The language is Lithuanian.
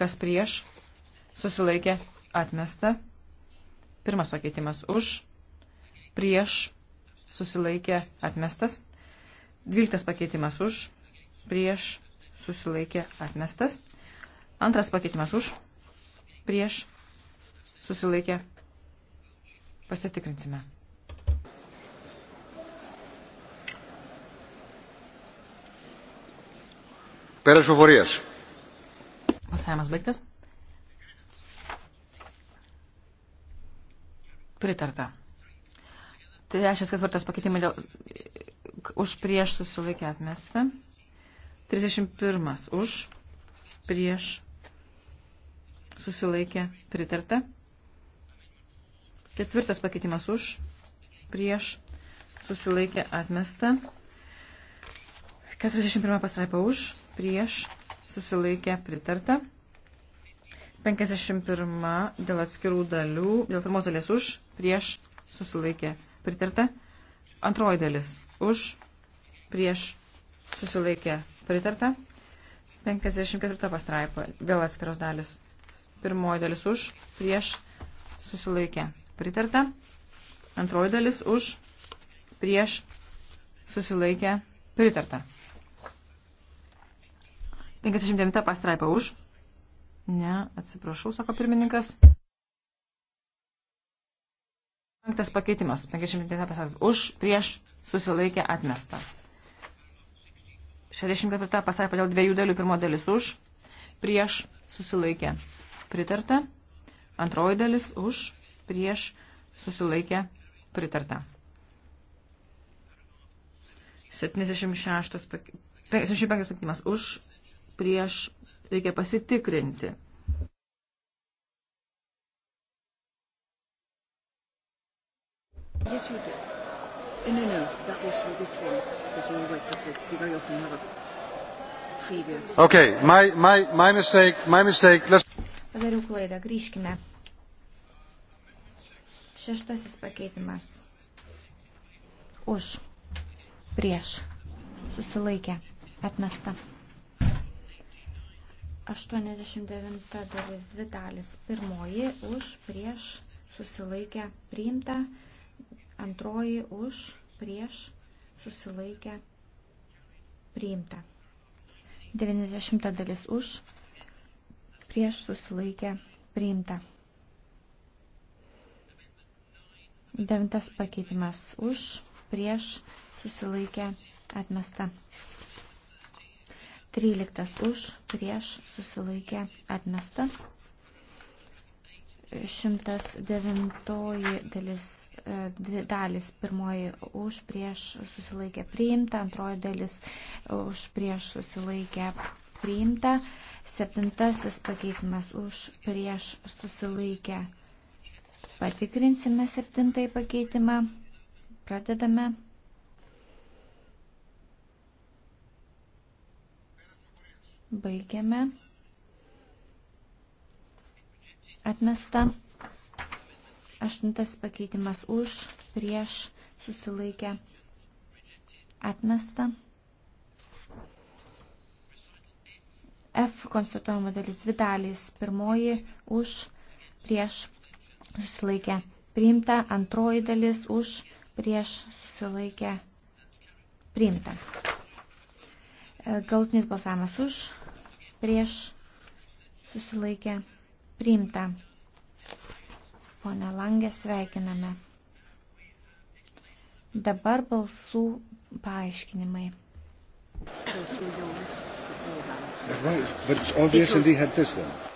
Kas prieš? Susilaikė. Atmesta. Pirmas pakeitimas už. Prieš. Susilaikė. Atmestas. Dvyliktas pakeitimas už. Prieš. Susilaikė. Atmestas. Antras pakeitimas už. Prieš. Susilaikė. Pasitikrinsime. Πέρα ψηφοφορίας. Balsavimas baigtas. Pritarta. Trečias ketvirtas pakeitimai dėl, už prieš susilaikę atmestą. 31 už prieš susilaikė pritarta. Ketvirtas pakeitimas už prieš susilaikė atmestą. 41 pastraipa už prieš susilaikė pritarta. 51 dėl atskirų dalių, dėl pirmos dalies už, prieš, susilaikė, pritarta. Antroji dalis už, prieš, susilaikė, pritarta. 54 pastraipa, vėl atskiros dalis. Pirmoji dalis už, prieš, susilaikė, pritarta. Antroji dalis už, prieš, susilaikė, pritarta. 59 pastraipa už, Ne, atsiprašau, sako pirmininkas. Penktas pakeitimas. 59 pasakė. Už, prieš, susilaikė, atmesta. 64 pasakė dėl dviejų dalių. Pirmo dalis už, prieš, susilaikė, pritarta. Antroji dalis už, prieš, susilaikė, pritarta. 76 55 pakeitimas už, prieš, reikia pasitikrinti. Yes, you do. No, no, no. That was with this one. Because you always have to, you very often have a previous. Okay, my, my, my mistake, my mistake. Let's... Padariau klaidą, grįžkime. Šeštasis pakeitimas. Už. Prieš. Susilaikė. Atmesta. 89 dalis 2 dalis. Pirmoji už prieš susilaikę priimta. Antroji už prieš susilaikę priimta. 90 dalis už prieš susilaikę priimta. Devintas pakeitimas už prieš susilaikę atmesta. 13 už, prieš, susilaikė, atmesta. 109 dalis, e, dalis, pirmoji už, prieš, susilaikė, priimta, antroji dalis e, už, prieš, susilaikė, priimta, septintasis pakeitimas už, prieš, susilaikė. Patikrinsime septintąjį pakeitimą. Pradedame. Baigiame. Atmesta. Aštuntas pakeitimas už, prieš, susilaikę. Atmesta. F konstatuojama dalis dvi dalys. Pirmoji už, prieš, susilaikę. Priimta. Antroji dalis už, prieš, susilaikę. Priimta. E, galutinis balsavimas už, prieš, susilaikė, priimta. Pone Langė, sveikiname. Dabar balsų paaiškinimai. Right, but obviously they had this then.